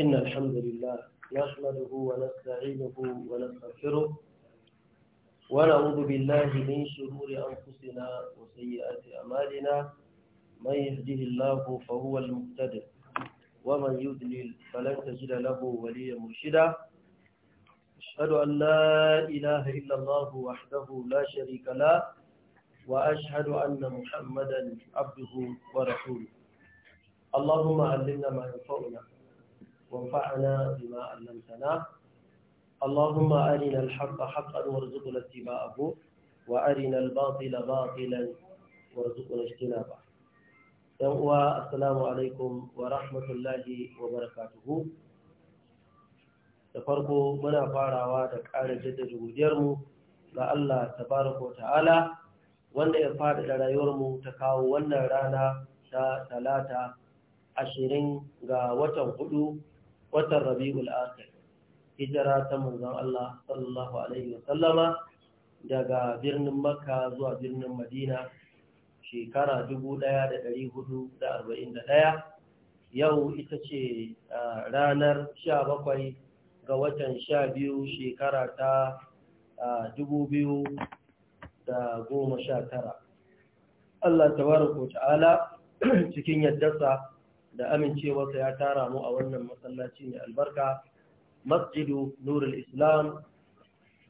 إن الحمد لله نحمده ونستعينه ونستغفره ونعوذ بالله من شرور أنفسنا وسيئات أمالنا من يهده الله فهو المهتد ومن يضلل فلن تجد له وليا مرشدا أشهد أن لا إله إلا الله وحده لا شريك له وأشهد أن محمدا عبده ورسوله اللهم علمنا ما ينفعنا وانفعنا بما علمتنا اللهم أرنا الحق حقا وارزقنا اتباعه وأرنا الباطل باطلا وارزقنا اجتنابه يوم السلام عليكم ورحمة الله وبركاته da farko muna farawa da ƙara jaddada godiyarmu ga Allah ta'ala wanda ya da rayuwarmu ta kawo wannan rana ta talata ashirin ga watan hudu watan rabi'ul akhir hijira ta manzon Allah sallallahu alaihi wasallama daga birnin Makka zuwa birnin Madina shekara 1441 yau ita ce ranar 17 ga watan 12 shekara ta 2019 Allah wa ta'ala cikin yaddarsa da amincewarsa ya tara mu a wannan masallaci mai albarka masjidu nurul islam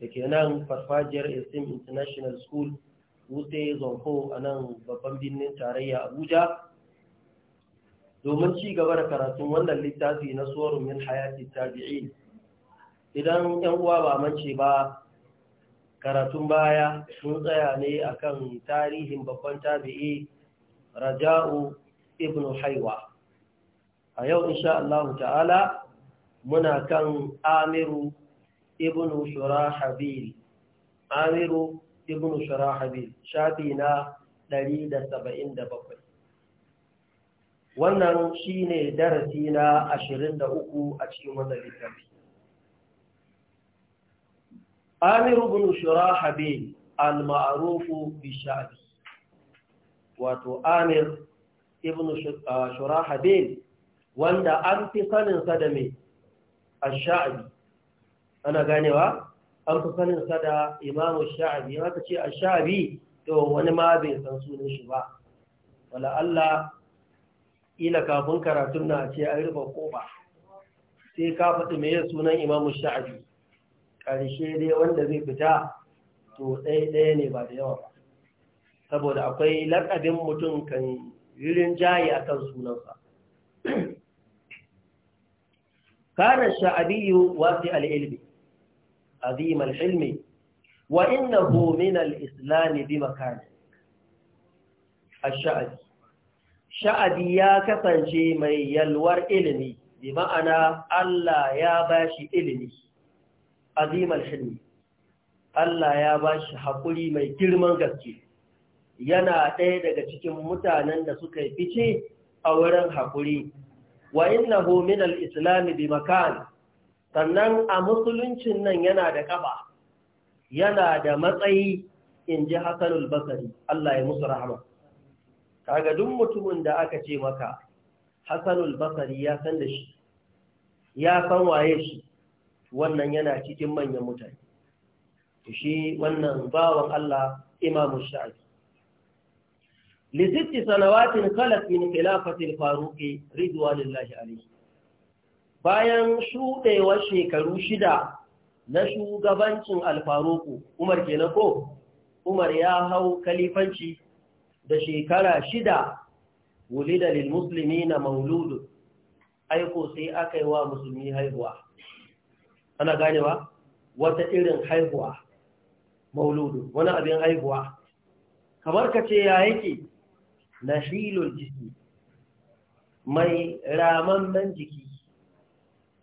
da ke nan farfajiyar islam international school wuse zonko a nan babban birnin tarayya abuja domin ci gaba da karatun wannan littafi na tsoron min hayati tabi'i idan yan uwa ba mace ba karatun baya sun tsaya ne akan tarihin babban tabi'i raja'u ibnu haiwa a yau insha Allah ta'ala muna kan amiru ibn shurahabil amiru ibn shurahabil shafi na 177 wannan shine darasi na 23 a cikin wannan littafi amiru ibn shurahabil al maarufu bi sha'bi wato amir ibn shurahabil wanda an fi saninsa da mai ash-sha'bi ana ganewa an fi saninsa da imamu sha'bi haka ce ash-sha'bi to wani ma bai san sunan shi ba wala Allah ila kafin karatun na ce an rufe ba, sai ka faɗi mai sunan imamu sha'bi ƙarshe dai wanda zai fita to ɗaya-ɗaya ne ba da yawa ba saboda akwai lakabin mutum kan yirin jaye a kan sunansa كان الشعبي واسع العلم عظيم الحلم وإنه من الإسلام بمكان الشعبي شعبي ya kasance mai yalwar ilimi بمعنى ma'ana Allah ya ba shi ilimi azimar يا Allah ya ba shi haƙuri mai girman gaske yana ɗaya daga cikin mutanen da suka fice a wurin haƙuri wa innahu min al-islam bi makan sannan a musuluncin nan yana da kaba yana da matsayi inji Hassanul Basri Allah ya musu rahama kaga duk mutumin da aka ce maka Hassanul Basri ya san da shi ya san waye shi wannan yana cikin manyan mutane shi wannan bawan Allah Imam Shafi لست سنوات خلت من خلافة الفاروق رضوان الله عليه bayan shuɗewar shekaru shida na shugabancin alfaruku umar kenan ko umar ya hau kalifanci da shekara shida wulida lil musulmi na mauludu aiko sai aka yi wa musulmi haihuwa ana ganewa wata irin haihuwa mauludu wani abin haihuwa kamar ka ce ya yake nahilul jismi mai raman nan jiki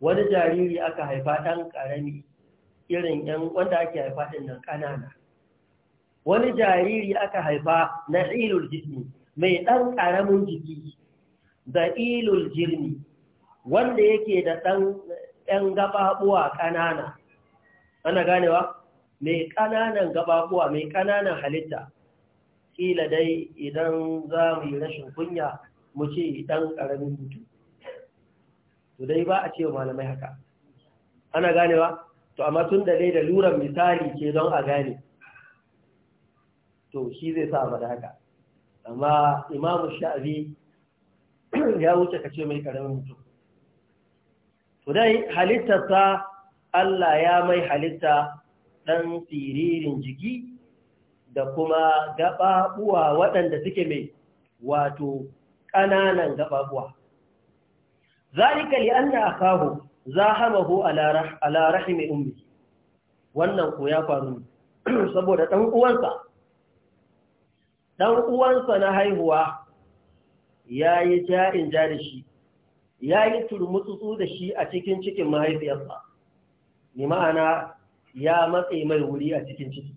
wani jariri aka haifa ɗan ƙarami irin ‘yan wanda ake haifa ɗin nan ƙanana wani jariri aka haifa na ilul jismi mai ɗan ƙaramin jiki da ilul jirmi wanda yake da ɗan ‘yan gabaɓuwa ƙanana ana ganewa mai ƙananan gababuwa, mai ƙananan halitta kila dai idan za mu yi rashin kunya mu ce dan karamin mutum to dai ba a ce wa malamai haka ana ganewa to amma tun da dai da luran misali ce don a gane to shi zai sa bada haka amma imamu sha'abi ya wuce ka ce mai karamin mutum to dai halittarsa Allah ya mai halitta ɗan siririn jiki da kuma gaɓaɓuwa waɗanda suke mai wato ƙananan gaɓaɓuwa. Zalika li an na akahu za hamahu larashi mai ummi, wannan ko ya faru saboda ɗan uwansa. na haihuwa ya yi ja'in ja da shi, ya yi turmutsutsu da shi a cikin cikin mahaifiyarsa, ni ma'ana ya matse mai wuri a cikin ciki.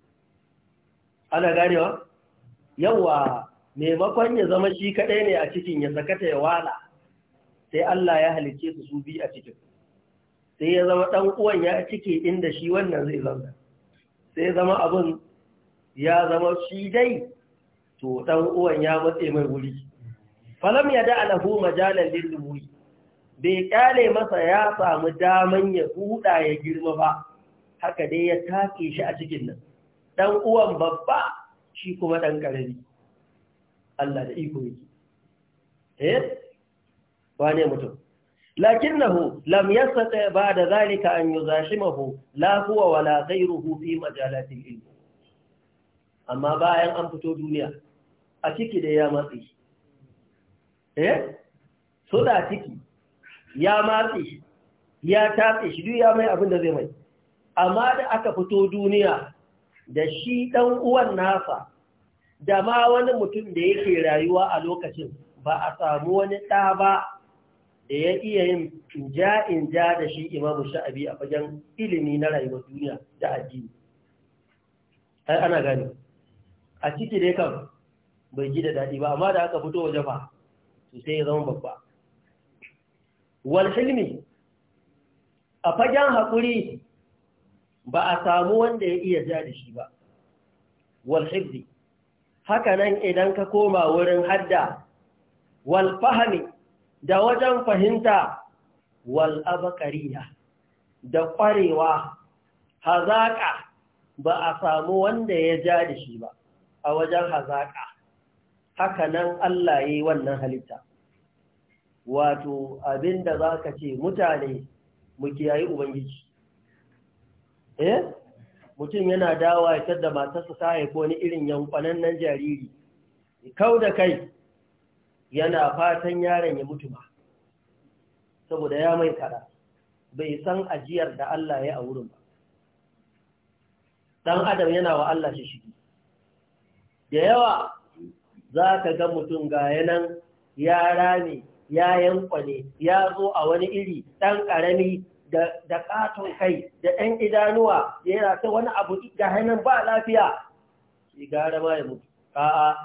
ana ganewa yawa maimakon ya zama shi kaɗai ne a cikin ya sakata ya wala sai Allah ya halice su su bi a cikin sai ya zama ɗan uwan ya cike inda shi wannan zai zama sai zama abin ya zama shi dai to ɗan uwan ya matse mai wuri falam ya da alahu majalar lillumuri bai kyale masa ya samu daman ya buɗa ya girma ba haka dai ya take shi a cikin nan dan uwan babba shi kuma ɗan karami Allah da iko yake eh wane mutum lakinnahu lam yastata ba'da zalika an yuzashimahu la huwa wala ghayruhu fi majalatil ilm amma bayan an fito duniya a ciki da ya matsi eh so da ciki ya matsi ya tafi shi duk ya mai abin da zai mai amma da aka fito duniya da shi ɗan uwan nasa da ma wani mutum da yake rayuwa a lokacin ba a samu wani ɗa ba da ya iya yin ja'in ja da shi imamu sha'abi a fagen ilimi na rayuwar duniya da addini. Ai, ana gani, a ciki dai kan bai ji da daɗi ba, amma da aka fito waje ba, su sai ya zama babba. Wal hilmi, a fagen haƙuri ba a samu wanda ya iya ja da shi ba wal hifzi haka nan idan ka koma wurin hadda wal da wajen fahimta wal abqariya da ƙwarewa hazaƙa ba a samu wanda ya ja da shi ba a wajen hazaƙa haka nan Allah ya yi wannan halitta wato abinda za ka ce mutane mu kiyayi ubangiji eh mutum yana dawa ya da matarsa ta haifo wani irin yankwanannen jariri kau da kai yana fatan yaron ya mutu ba saboda ya mai kada bai san ajiyar da Allah ya a wurin ba dan adam yana wa Allah shi shigi da yawa za ka ga mutum ga yanan ya rame ya yankwane ya zo a wani iri ɗan ƙarami da katon kai da ɗan idanuwa yana ta wani abu ga hannun ba lafiya shi gara ma ya mutu a'a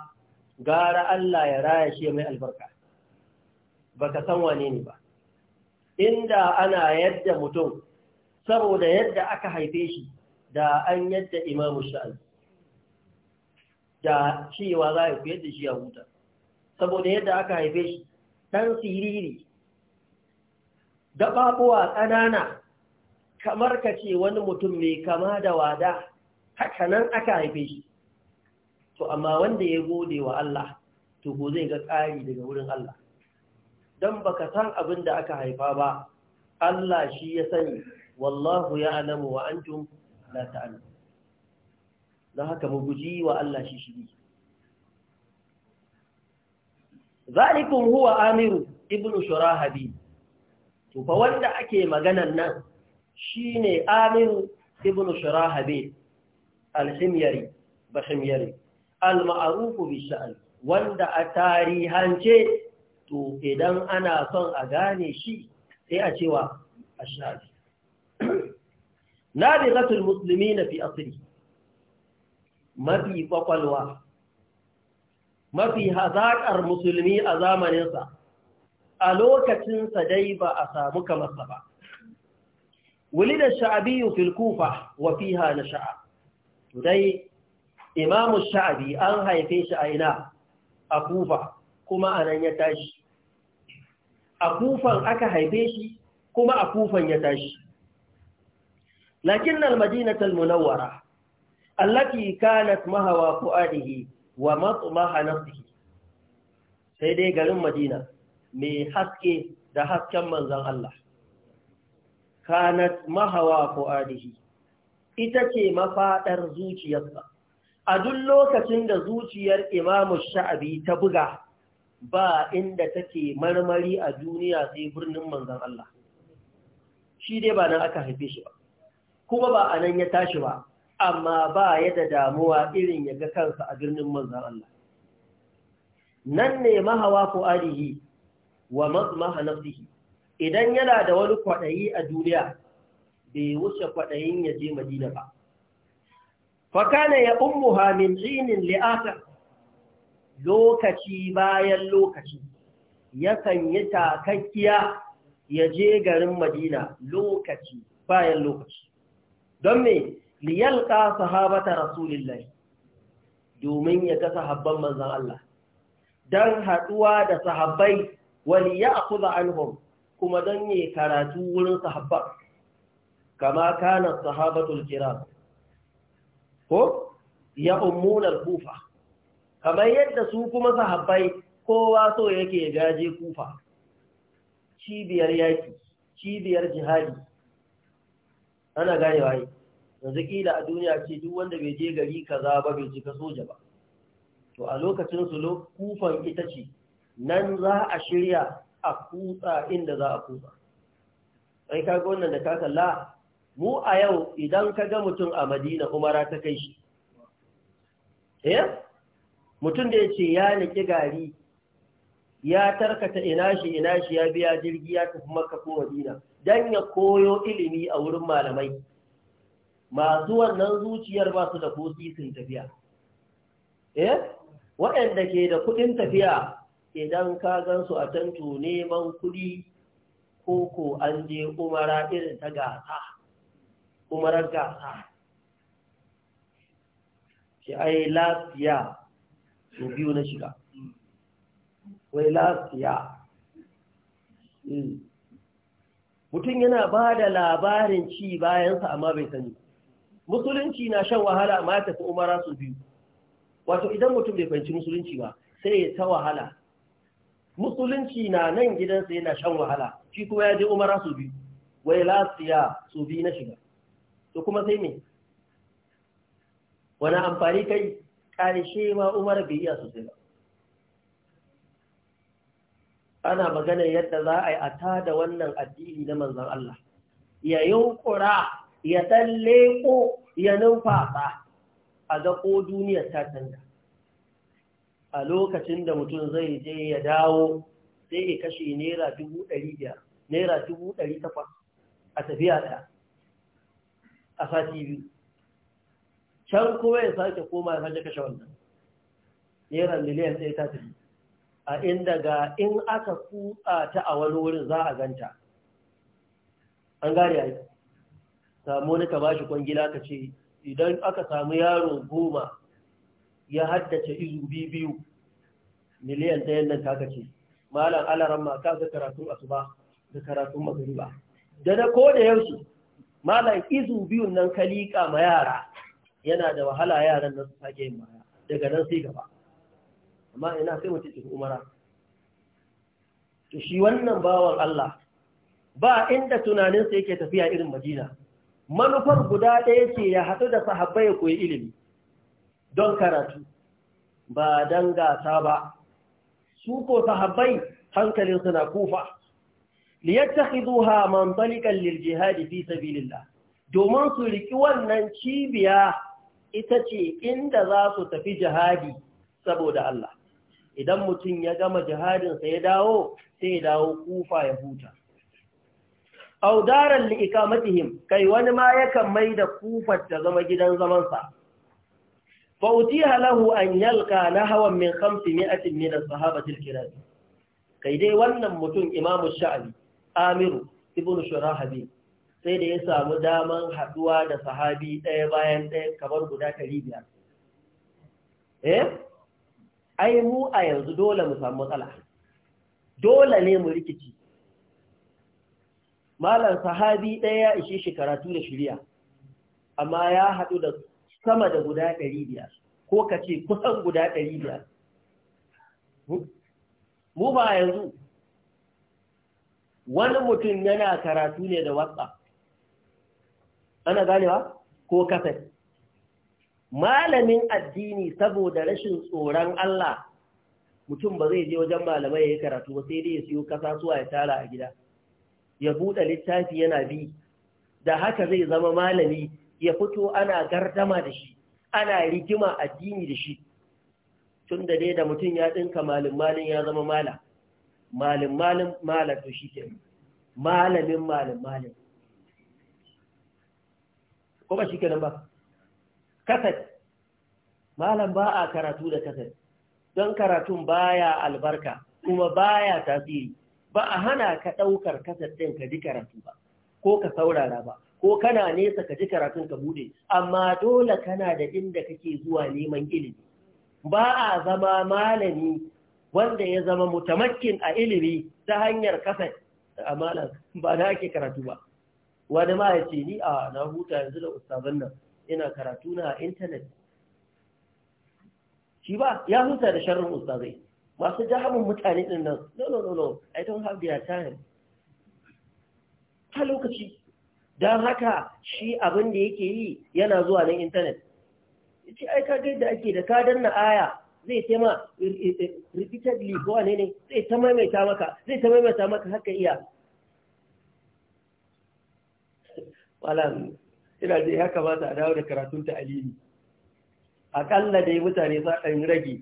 gara Allah ya raya shi mai albarka Ba ka san wane ne ba inda ana yadda mutum saboda yadda aka haife shi da an yadda imamu sha'an da cewa za a yi fiye da shi a huta saboda yadda aka haife shi ɗan siriri gababuwa ƙanana kamar ka ce wani mutum mai kama da wada haka nan aka haife shi to amma wanda ya gode wa Allah to ko zai ga ƙari daga wurin Allah don baka san abin da aka haifa ba Allah shi ya sani wallahu ya alamu wa antum Na don haka mu guji wa Allah shi shi zalikum huwa amiru ibnu shurahabi to wanda ake maganan nan shine Amin ibn Shurahabil al-Himyari bahimyari al maarufu bi wanda a tarihance to idan ana son a gane shi sai a cewa ash-shafi musulmi muslimina fi asri mafi kwakwalwa mafi hazaƙar musulmi a zamaninsa a lokacinsa dai ba a samu kamarsa ba. Wulidar sha'abiyu fil kufa wa fiha na sha'a. Dai, imamu sha'abi an haife shi a ina a kufa kuma a nan ya tashi. A kufan aka haife shi kuma a kufan ya tashi. Lakin madinatul munawwara, allati kanat mahawa fu'adihi wa matsumaha nafsihi. Sai dai garin Madina. mai haske da hasken manzan Allah kanat mahawa ko adihi, ita ce mafaɗar zuciyarsa a duk lokacin da zuciyar imamu sha'abi ta buga ba inda take marmari a duniya sai birnin manzan Allah shi dai ba nan aka haife shi ba kuma ba a nan ya tashi ba amma ba ya da damuwa irin ya ga kansa a birnin manzan Allah nan ne mahawa adihi. wa matsamaha nafsihi idan yana da wani kwaɗayi a duniya bai wuce kwaɗayin ya je madina ba fakana ya ummuha min tsinin li'aka lokaci bayan lokaci yakan yi takakkiya ya je garin madina lokaci bayan lokaci don me liyalka sahabata rasulillahi domin ya ga sahabban manzan Allah don haɗuwa da sahabbai wani ya akuza anhum kuma don yi karatu wurin sahabba kama kana sahabatul kiram ko ya ummunar kufa kamar yadda su kuma sahabbai kowa so yake gaje kufa cibiyar yaki cibiyar jihadi ana ganewa yi yanzu kila a duniya ce duk wanda bai je gari kaza ba bai cika soja ba to a lokacin su kufan ita ce nan za a shirya a kutsa inda za a kutsa sai ka wannan da ka kalla mu a yau idan ka ga mutum a madina umara ta kai shi eh mutum da ya ce ya niki gari ya tarkata ina shi ina shi ya biya jirgi ya tafi makka ko madina dan ya koyo ilimi a wurin malamai masu wannan zuciyar ba su da kusi sun tafiya eh waɗanda ke da kuɗin tafiya idan ka gansu a tantu neman kuɗi ko ko an je umara irin ta gasa umarar gasa Ki ai lafiya su biyu na shiga wai lafiya hmm. mutum yana ba da labarin ci bayansa amma bai sani musulunci na shan wahala amma ya tafi umara su biyu wato idan mutum bai fahimci musulunci ba sai ya ta wahala musulunci na nan gidansa yana shan wahala shi kuma ya je umara su biyu wai lafiya su biyu na shiga to kuma sai me wani amfani kai ƙarshe ma umara bai iya sosai ba ana magana yadda za a yi a ta da wannan addini na manzan Allah ya yunkura ya tsalle ko ya numfasa a ga ko duniyar ta canza a lokacin da mutum zai je ya dawo sai ya kashe naira dubu ɗari biyar naira dubu ɗari takwas a tafiya ɗaya a sati biyu can kuma ya sake koma ya sake kashe wannan naira miliyan ɗaya ta tafi a inda ga in aka kutsa ta a wani wurin za a ganta an gari a yi. samu wani ka ba shi kwangila ka ce idan aka samu yaro goma ya haddace izu biyu miliyan ta nan kaka ce malam alaran ma ga karatun asuba da karatun magariba da na ko da yaushe malam izu biyun nan ka liƙa ma yara yana da wahala yaran nan su sake yin baya daga nan sai gaba amma ina sai mutum tafi umara to shi wannan bawan Allah ba inda tunaninsa yake tafiya irin Madina manufar guda ɗaya ce ya haɗu da sahabbai ya koyi ilimi don karatu ba don gasa ba su ko sahabbai hankalin suna kufa liyattakhidhuha mantalikan liljihadi fi sabilillah domin su riki wannan cibiya ita ce inda za su tafi jihadi saboda Allah idan mutum ya gama jihadinsa ya dawo sai ya dawo kufa ya huta audaran liikamatihim kai wani ma yakan mai da kufar ta zama gidan zamansa فأتيها له أن يلقى نهوا من خمسمائة من kai dai wannan mutum متون إمام Amiru آمر ابن شراحبي sai da ya samu daman haduwa da sahabi ɗaya bayan ɗaya kamar guda ɗari biyar. Eh? Ai, mu a yanzu dole mu samu matsala, dole ne mu rikici. Malam sahabi ɗaya ya ishe shi karatu da shirya, amma ya haɗu da sama da guda ɗari biyar ko ka ce kusan guda ɗari biyar mu ba yanzu wani mutum yana karatu ne da whatsapp ana ganewa ko kaset malamin addini saboda rashin tsoron Allah mutum ba zai je wajen malamai ya yi karatu ba sai dai ya siyo kasa suwa ya tara a gida ya buɗe littafi yana bi da haka zai zama malami ya fito ana gardama da shi ana rigima addini da shi tun da dai da mutum ya ɗinka malin-malin ya zama mala malin-malin malar to shi ke malamin malin-malin ko ba shi nan ba kasar malam ba a karatu da kasar don karatun baya albarka kuma baya tasiri ba a hana ka ɗaukar kasar ɗin ka ji karatu ba ko ka saurara ba ko kana nesa ka ji karatun ka bude amma dole kana da inda kake zuwa neman ilimi ba a zama malami wanda ya zama mutamakin a ilimi ta hanyar kafa malam. ba na ake karatu ba wani ma ya ce ni a na huta yanzu da ustazan nan ina karatu na intanet shi ba ya huta da sharrin ustazai masu jahamin mutane din nan no no no no i don't have their time ta lokaci don haka shi abin da yake yi yana zuwa nan intanet ya ce aika gaida ake da ka danna aya zai tema eh, eh, eh, repeatedly ko ne ne zai ta maimaita maka zai ta maimaita maka haka iya malam ina da haka kamata a dawo da karatun ta ta'alimi akalla dai mutane za a rage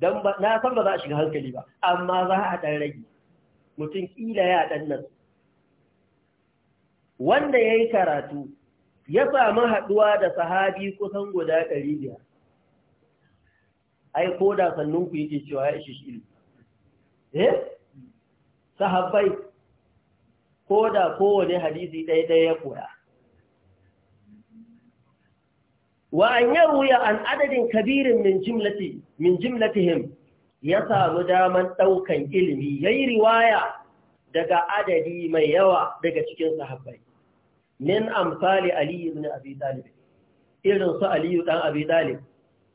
na san ba za a shiga hankali ba amma za a ɗan rage mutum ƙila ya ɗan nan wanda ya yi karatu ya samu haɗuwa da sahabi kusan guda ɗari biyar ai ko da sannunku yake cewa ya ishe shi eh sahabbai ko da kowane hadisi ɗaya ya koya wa an yaruya an adadin kabirin min jimlati min jimlatihim ya samu daman ɗaukan ilimi ya yi riwaya daga adadi mai yawa daga cikin sahabbai min amsali Aliyu ibn abi talib irin su ali dan abi talib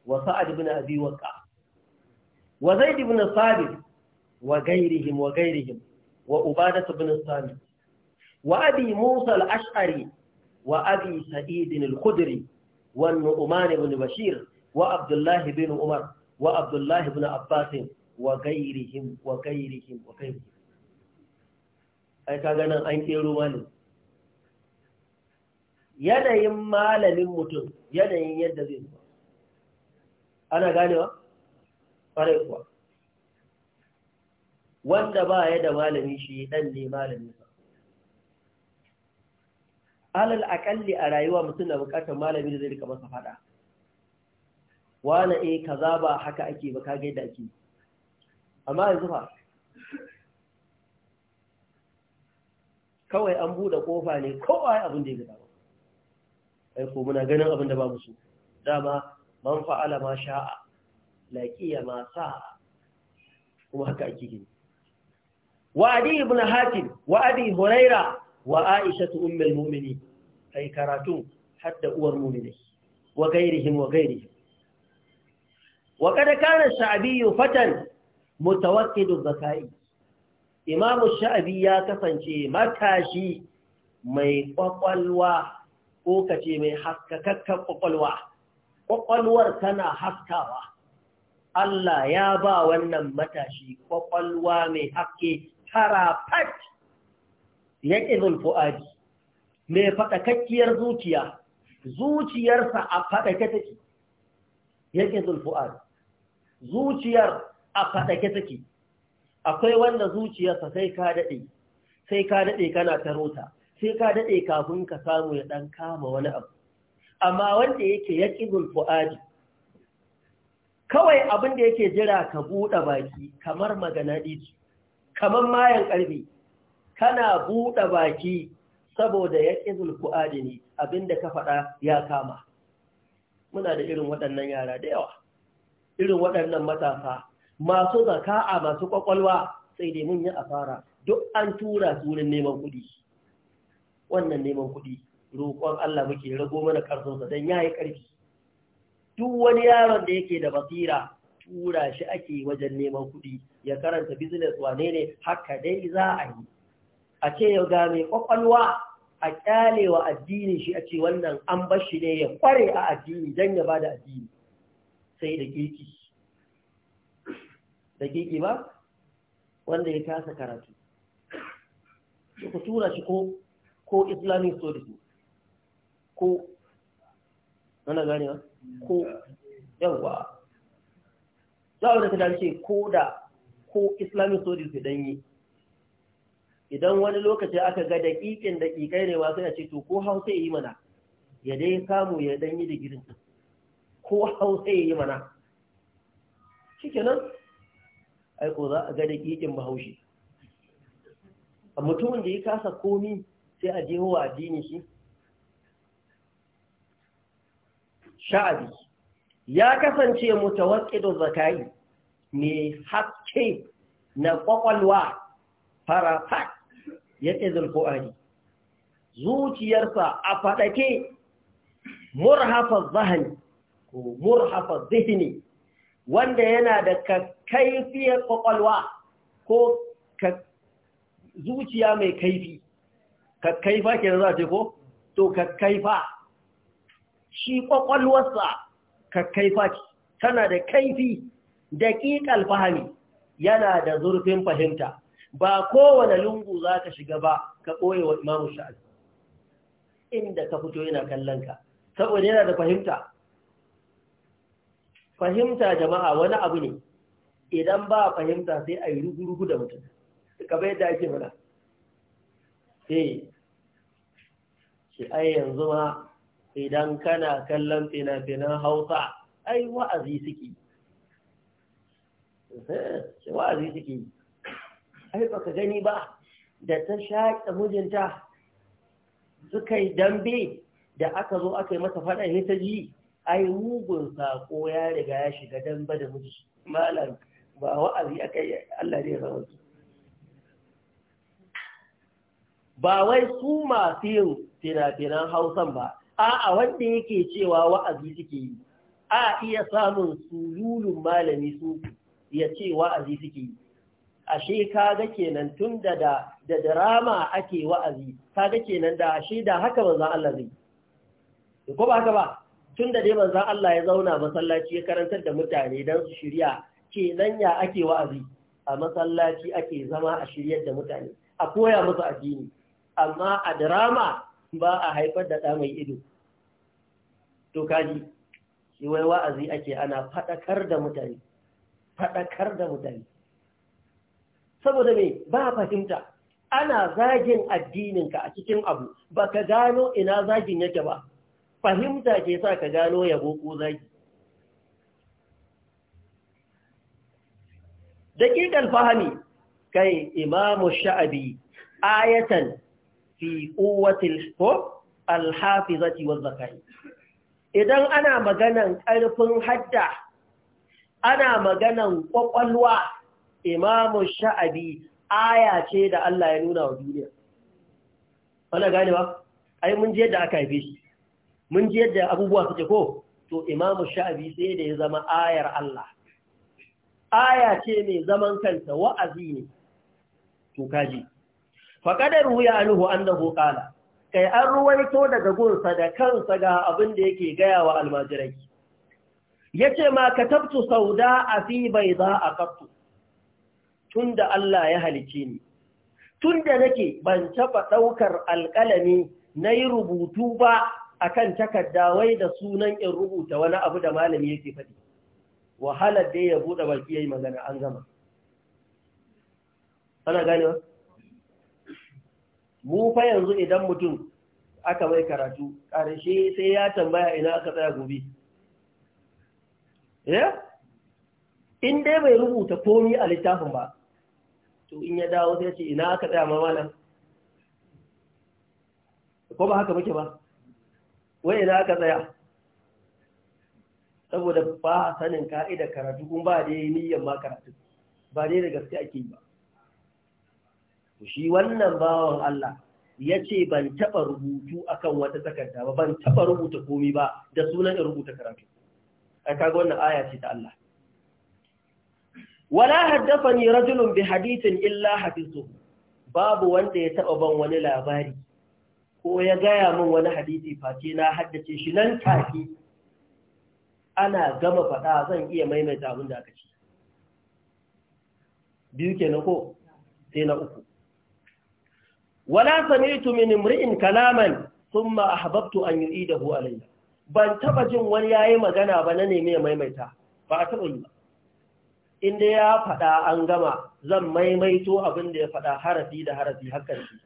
wa sa'ad ibn abi waqa wa zaid ibn sabit wa ghayrihim wa ghayrihim wa ubadah ibn samit wa abi musa al-ash'ari wa abi sa'id al-khudri wa nu'man ibn bashir wa abdullah ibn umar wa abdullah ibn abbas wa ghayrihim wa ghayrihim wa ghayrihim ai kaga nan an kero wani yanayin malamin mutum yanayin yadda zai zuwa ana ganewa Farai kuwa wanda ba ya da malami shi ɗan ne malami ba. alal akalli a rayuwa mutum na bukatar malami da zai rika masa fada wane eh kaza ba haka ake ba kage da ake amma yanzu fa kawai an bude kofa ne kowa abin da ya gaba Aiko muna ganin abin da babu su dama man fa'ala ma sha'a laqiya ma sa'a kuma haka ake gini wa ibn hatim Wa'adi huraira wa aisha ummul mu'minin kai karatu hadda uwar mu'minai wa gairihim wa gairihim وقد كان sha'abi فتى متوكد الذكاء Imamu الشعبي ya kasance matashi mai kwakwalwa ko ka ce mai haskakakken ƙwaƙwalwa ƙwaƙwalwar tana haskawa Allah ya ba wannan matashi ƙwaƙwalwa mai haske tarafat ya ƙizul fu'adi mai faɗakakkiyar zuciya zuciyarsa a faɗake take ya ƙizul fu'adi zuciyar a faɗake take akwai wanda zuciyarsa sai ka daɗe sai ka daɗe kana tarota sai ka daɗe kafin ka samu ya ɗan kama wani abu amma wanda yake ya ƙibul fu'adi kawai abin da yake jira ka buɗe baki kamar magana ɗiji kamar mayan ƙarfi kana buɗe baki saboda ya ƙibul fu'adi ne abin da ka faɗa ya kama muna da irin waɗannan yara da yawa irin waɗannan matasa masu zaka a masu ƙwaƙwalwa sai dai mun yi asara duk an tura su neman kuɗi wannan neman kuɗi roƙon Allah muke rago mana ƙarfinsa don ya yi ƙarfi duk wani yaron da yake da basira tura shi ake wajen neman kuɗi ya karanta business wane ne haka dai za a yi a ce ya ga mai kwakwalwa a ƙyalewa addini shi a ce wannan an bar shi ne ya kware a addini don ya ba da addini sai da keke. da keke ba wanda ya kasa karatu ku tura shi ko ko islamic studies ko ana gani ko yawa za a ta dace ko da ko islamic studies su danyi idan wani lokaci aka ga daƙiƙin daƙiƙai ne wasu ya ce to ko hausa ya yi mana ya dai samu ya danyi digirin ko hausa ya yi mana shi nan aiko za a ga daƙiƙin bahaushe a mutumin da ya kasa komi sai a je wa addini shi sha'abi ya kasance mutawaqqidu zakai ne hakke na ƙwaƙwalwa farafat yace zulfuadi zuciyarsa a fadake murhafa zahani ko murhafa zihni wanda yana da kaifiyar ƙwaƙwalwa ko zuciya mai kaifi kakkaifa ke za ce ko to kakkaifa shi kwakwalwarsa kakkaifa ce tana da kaifi ƙiƙal fahami yana da zurfin fahimta ba kowane lungu za ka shiga ba ka ɓoye wa imamu sha'ad inda ka fito yana kallon ka saboda yana da fahimta fahimta jama'a wani abu ne idan ba fahimta sai a yi rugu-rugu da mutum ka bai da ake mana sai shi ai yanzu ma idan kana kallon fina-finan hausa ai wa'azi suke shi eh, wa'azi suke ai baka gani ba da ta shaƙa mijinta suka yi dambe da aka zo aka yi masa faɗa ya ta ji ai mugun saƙo ya riga ya shiga dambe da miji malam ba wa'azi aka yi Allah ne ya zama su ba wai su masu yin fina-finan hausan ba a wanda yake cewa wa'azi suke yi a iya samun sululun malami su ya ce wa'azi suke yi ashe ka ga kenan tun da da drama ake wa'azi ga kenan da ashe da haka manzon Allah zai ko ba haka ba tun da dai manzon Allah ya zauna masallaci ya karantar da mutane don su shirya kenan ya ake wa'azi a masallaci ake zama a shiryar da mutane a koya musu addini amma a drama ba a haifar da ɗa mai ido to kaji shi wai wa'azi ake ana faɗakar da mutane faɗakar da mutane saboda mai ba fahimta ana zagin addininka a cikin abu ba ka gano ina zagin yake ba fahimta ke sa ka gano yabo ko zagi daƙiƙar fahami kai imamu sha'abi ayatan fi quwwatil ko alhafizati waz zakari idan ana maganan ƙarfin hadda ana maganan ƙwaƙwalwa imamu sha'abi aya ce da Allah ya nuna wa duniya wannan gane ba ai mun ji yadda aka haife shi mun ji yadda abubuwa suke ko to imamu sha'abi sai da ya zama ayar Allah aya ce mai zaman kanta wa'azi ne to kaji faƙadar wuya an da hukala kai an ruwaito daga gunsa da kansa ga abin da yake gaya wa almajirai Ya ce ma ka katabtu sauda a fi kaftu tun tunda Allah ya halice ni tunda nake ban taɓa ɗaukar alƙalami na yi rubutu ba akan takarda wai da sunan in rubuta wani abu da malami yake faɗi wahalar da ya buɗe baki yi magana an gama ana ganewa mu fa yanzu idan mutum aka mai karatu ƙarshe sai ya tambaya ina aka tsaya gobe eh? in dai bai rubuta komi a littafin ba to in ya dawo sai ce ina aka tsaya mamana ko ba haka muke ba wai ina aka tsaya saboda ba sanin ka'idar karatu kun ba dai niyyar ma karatu ba dai da gaske ake yi ba shi wannan bawan Allah ya ce ban taɓa rubutu akan wata takarda ba ban taɓa rubuta komi ba da sunan rubuta karatu ai kaga wannan aya ce ta Allah wala haddathani rajulun bi hadithin illa hafiztuhu babu wanda ya taɓa ban wani labari ko ya gaya min wani hadisi face na haddace shi nan take ana gama faɗa zan iya maimaita abin da aka ce biyu kenan ko sai na uku wala sami'tu min imri'in kalaman thumma ahbabtu an yu'idahu alayya ban taba jin wani yayi magana ba na neme ya maimaita ba a taba ba inda ya fada an gama zan maimaito abin da ya fada harafi da harafi hakan shi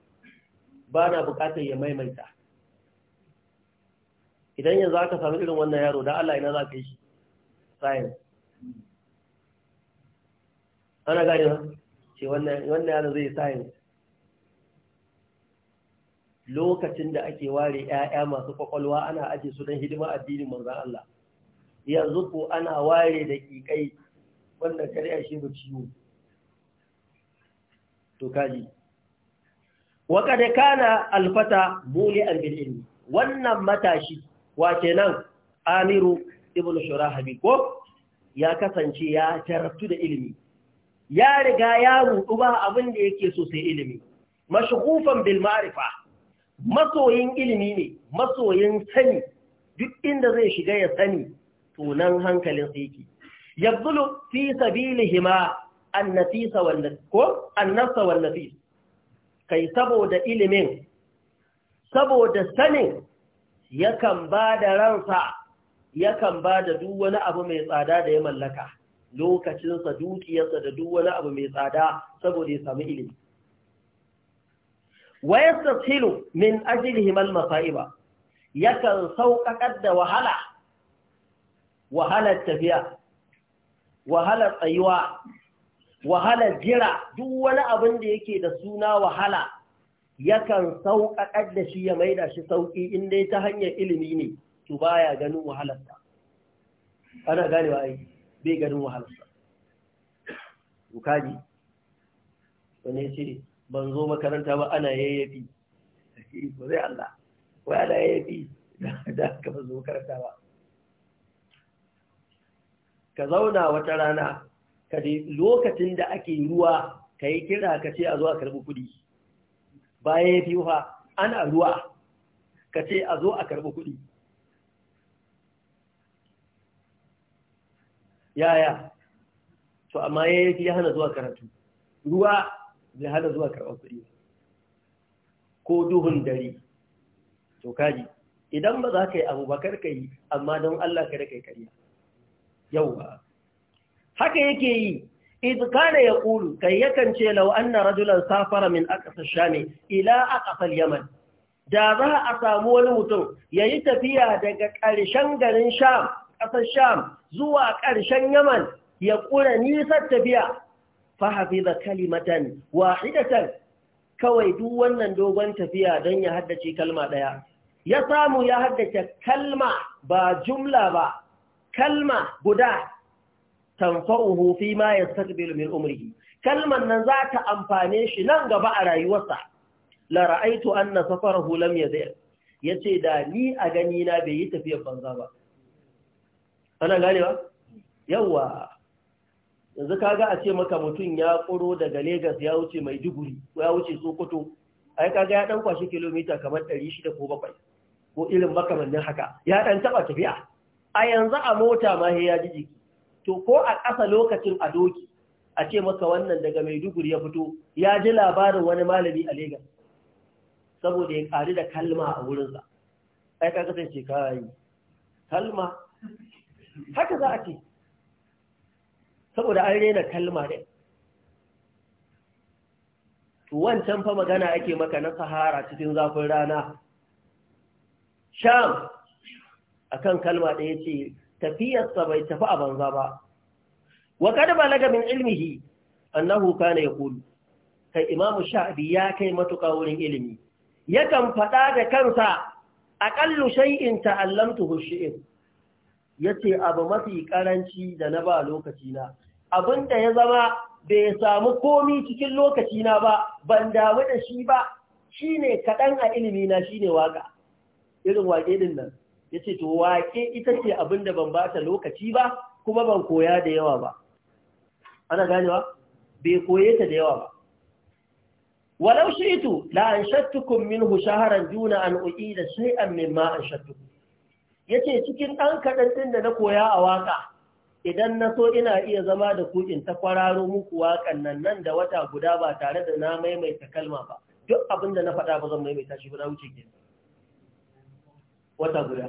ba na bukatar ya maimaita idan yanzu aka samu irin wannan yaro da Allah ina za ka yi shi science ana gane ce wannan yaro zai science lokacin da ake ware 'ya'ya masu kwakwalwa ana aje su don hidima addinin manzan Allah yanzu ko ana ware da ƙiƙai wanda kare shi mu ciwo to kaji waƙada kana alfata muli an bil wannan matashi wa nan, amiru ibn shurahabi ko ya kasance ya taratu da ilimi ya riga ya rudu ba abin da yake so sai ilimi mashghufan bil ma'rifa masoyin ilimi ne masoyin sani duk inda zai shiga ya sani tunan hankalin yake yabdulu fi sabilihima annafisa wal ko annafsa wal kai saboda ilimin saboda sanin yakan ba da ransa yakan ba da duk wani abu mai tsada da ya mallaka lokacinsa dukiyarsa da duk wani abu mai tsada saboda ya samu ilimi wa yastasilu min ajlihim al-masa'iba yakan sauƙaƙar da wahala wahala tafiya wahala tsayuwa wahala jira duk wani abin da yake da suna wahala yakan sauƙaƙar da shi ya maida shi sauƙi in dai ta hanyar ilimi ne to baya ganin wahalarsa ana ganewa ai bai ganin wahalarsa bukaji wani ce ban zo makaranta ba ana yayyafi ba zai Allah wai ana yayyafi da ka ban zo makaranta ba ka zauna wata rana ka lokacin da ake ruwa ka yi kira ka ce a zo a karbi kudi bayan ya fi yuha ana ruwa ka ce a zo a karbi kudi yaya to amma ya yi hana zuwa karatu ruwa bai hana zuwa karɓar kuɗi ko duhun dare to kaji idan ba za ka yi abu ba kar ka yi amma don Allah kada kai yau ba. haka yake yi idh kana ƙulu kai yakan ce an na rajulan safara min ƙasar shami ila a ƙasar yaman da za a samu wani mutum ya yi tafiya daga ƙarshen garin sham ƙasar sham zuwa ƙarshen yaman ya ƙura nisar tafiya fahafiza kalimatan wahidatan kawai duk wannan dogon tafiya don ya haddace kalma ɗaya ya samu ya haddace kalma ba jumla ba kalma guda tanfa'uhu fi ma yastaqbilu min umri kalman nan za ta amfane shi nan gaba a rayuwarsa la ra'aitu hulam ya lam Ya ce da ni a gani na bai yi tafiyar banza ba ana gane ba yawwa. yanzu kaga a ce maka mutum ya kuro daga Legas ya wuce Maiduguri ko ya wuce Sokoto ai kaga ya dan kwashi kilomita kamar 600 ko 700 ko irin makamannin haka ya dan taba tafiya a yanzu a mota ma ya ji jiki to ko a ƙasa lokacin a doki a ce maka wannan daga Maiduguri ya fito ya ji labarin wani malami a Legas saboda ya ƙari da kalma a wurinsa ai kaga sai ce kai kalma haka za a ce saboda an rena kalma ɗin wancan fa magana ake maka na sahara cikin zafin rana sham akan kalma ɗaya ce tafiyarsa bai tafi a banza ba wa kada balaga min ilmihi annahu kana yaqulu kai imamu sha'bi ya kai matuƙa wurin ilimi yakan faɗa da kansa aqallu shay'in ta'allamtuhu Ya yace abu mafi ƙaranci da na ba lokaci na abinda ya zama bai samu komi cikin lokaci na ba ban damu da shi ba Shi ne kaɗan a ilimi na shi ne waka irin waƙe din nan ce to wake ita ce abin da ban bata lokaci ba kuma ban koya da yawa ba ana ganewa bai koye ta da yawa ba walau ito, la an shattukum minhu shaharan juna an uƙi da sai an Ya ce cikin ɗan kaɗan ɗin da na koya a waka idan na so ina iya zama da ku in ta kwararo muku waƙan nan nan da wata guda ba tare da na maimaita kalma ba duk abin da na faɗa ba zan maimaita shi ba na wuce ke wata guda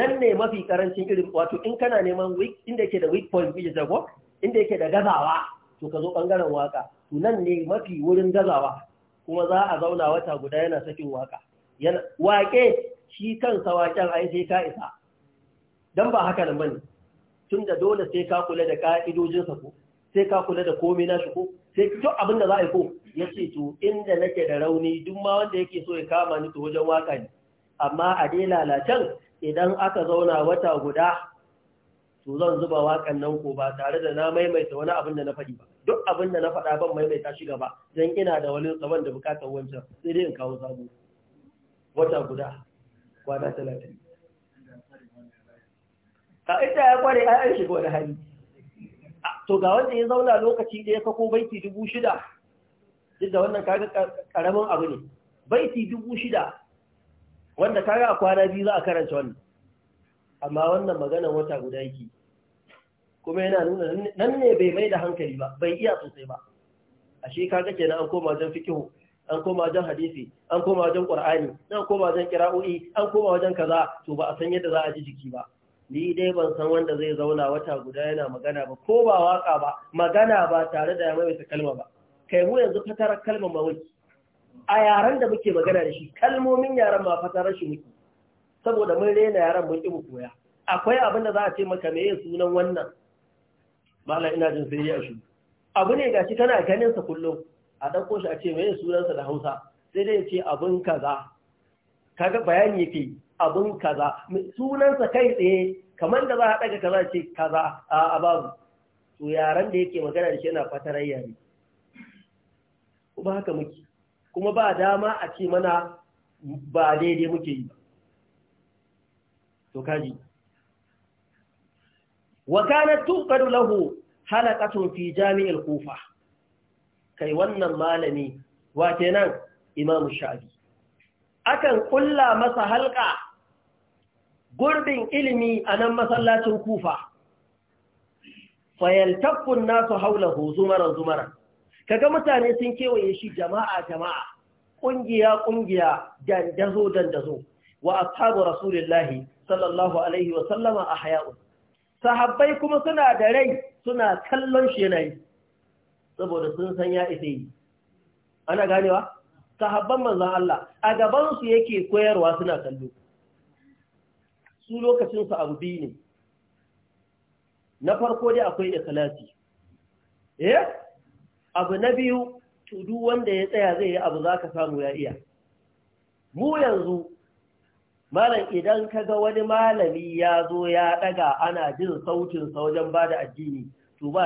nan ne mafi karancin irin wato in kana neman wik inda yake da weak point bi da inda yake da gazawa to ka zo bangaren waka to nan ne mafi wurin gazawa kuma za a zauna wata guda yana sakin waka yana wake shi kansa waken ai sai ka isa don ba haka nan bane tun da dole sai ka kula da ka'idojinsa ko sai ka kula da komai na shi ko sai duk abin da za a yi ko ya ce to inda nake da rauni duk ma wanda yake so ya kama ni to wajen waka ne amma a dai lalacen idan aka zauna wata guda to zan zuba wakan nan ko ba tare da na maimaita wani abin da na faɗi ba duk abin da na faɗa ban maimaita shi gaba don ina da wani tsaban da bukatar wancan sai dai in kawo sabo wata guda kwana talatin a inda ya kware a shiga wani hali to ga wanda ya zauna lokaci da ya kako baiti dubu shida duk da wannan kaga karamin abu ne baiti dubu shida wanda kaga a kwana biyu za a karanta wannan amma wannan magana wata guda yake kuma yana nuna nan ne bai mai da hankali ba bai iya sosai ba ashe kaga kenan an koma wajen fikihu an koma wajen hadisi an koma wajen qur'ani an koma wajen qira'o'i an koma wajen kaza to ba a san yadda za a ji jiki ba ni dai ban san wanda zai zauna wata guda yana magana ba ko ba waka ba magana ba tare da ya maimaita kalma ba kai mu yanzu fatarar kalmar mawaki a yaran da muke magana da shi kalmomin yaran ma fatarar shi muke saboda mun rena yaran mun ki mu koya akwai abin da za a ce maka meye sunan wannan mala ina jin sai ya shi abu ne gashi kana ganin sa kullum a ɗauko shi a ce mai sunansa da hausa sai dai ce abin kaza kaga bayani yake abin kaza sunansa kai tsaye kamar da za a ɗaga kaza ce kaza a babu to yaran da yake magana da shi yana fatarar yare kuma haka muke kuma ba dama a ce mana ba daidai muke yi to kaji wa kana tuqadu lahu halaqatun fi jami'il kufa kai wannan malami wa kenan imamu sha'abi akan kulla masa halka gurbin ilimi a nan masallacin kufa fayaltaffun nasu haulahu zumaran zumaran kaga mutane sun kewaye shi jama'a jama'a ƙungiya ƙungiya dandazo dandazo wa ashabu rasulillahi sallallahu alaihi wa sallama a haya'un sahabbai kuma suna da rai suna kallon shi yanayi saboda sun san ya isa yi ana ganewa sahabban manzan Allah a gabansu yake koyarwa suna kallo su lokacinsu abu biyu ne na farko dai akwai ikhlasi eh abu na biyu tudu wanda ya tsaya zai yi abu za ka samu ya iya mu yanzu malam idan ka ga wani malami ya zo ya ɗaga ana jin sautin sa wajen ba da addini to ba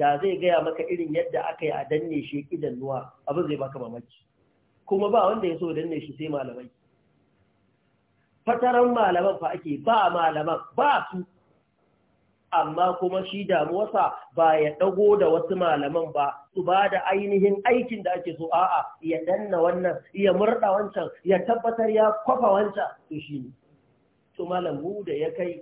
da zai gaya maka irin yadda aka yi a danne shi idan nuwa abin zai baka mamaki kuma ba wanda ya so danne shi sai malamai fataran malaman fa ake ba malaman ba su amma kuma shi damuwarsa ba ya ɗago da wasu malaman ba su ba da ainihin aikin da ake so a'a ya danna wannan ya murda wancan ya tabbatar ya kwafa wancan to shi ne to malam mu da ya kai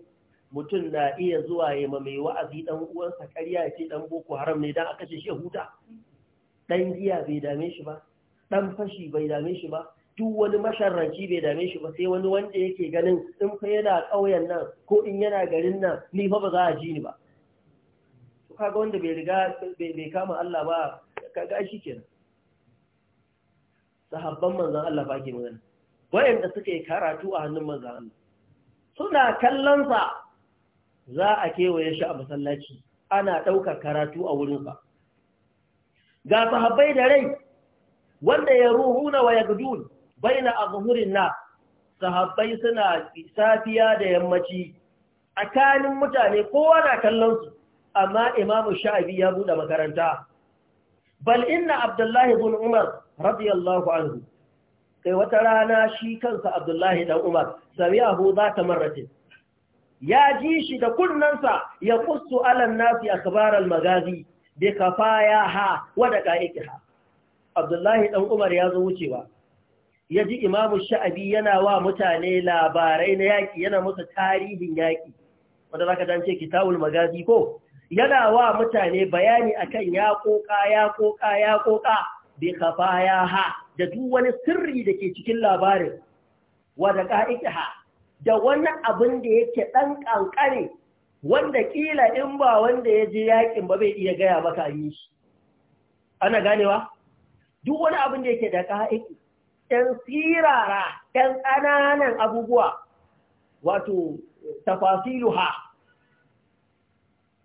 mutum na iya zuwa ya ma mai wa'azi ɗan uwansa ƙarya ce ɗan boko haram ne don a kashe shi huta Ɗan giya bai dame shi ba ɗan fashi bai dame shi ba duk wani masharranci bai dame shi ba sai wani wanda yake ganin in fa yana ƙauyen nan ko in yana garin nan ni fa ba za a ji ni ba to kaga wanda bai riga bai kama Allah ba kaga shi kenan sahabban manzan Allah ba magana wayanda suka yi karatu a hannun manzan Allah suna kallonsa za a kewaye shi a masallaci ana ɗaukar karatu a ba. ga sahabbai da rai wanda ya ruhuna wa waya baina bai na sahabbai suna safiya da yammaci kanin mutane kowa na kallon su amma imamu sha'abi ya buɗe makaranta bal inna abdullahi bin umar radiyallahu anhu kai wata rana shi kansa abdullahi dan umar sami'ahu za ta marrace, ya ji shi da kunnansa ya kusu alan nasi a al-magazi bi kafayaha wa ha! Abdullahi ɗan Umar ya zo wucewa ya ji Imam Sha'abi yana wa mutane labarai na yaƙi yana musu tarihin yaƙi wanda za ka ce kitabul magazi ko yana wa mutane bayani akan ya koka ya koka ya koka ya ha da duk wani sirri da ke cikin labarin wa ha! da wani abin da yake ɗan ƙanƙare wanda ƙila in ba wanda ya je yaƙin ba bai iya gaya maka a yi shi. Ana ganewa? Duk wani abin da yake da ƙa'iki, ‘yan sirara, ‘yan ƙananan abubuwa, wato, ha.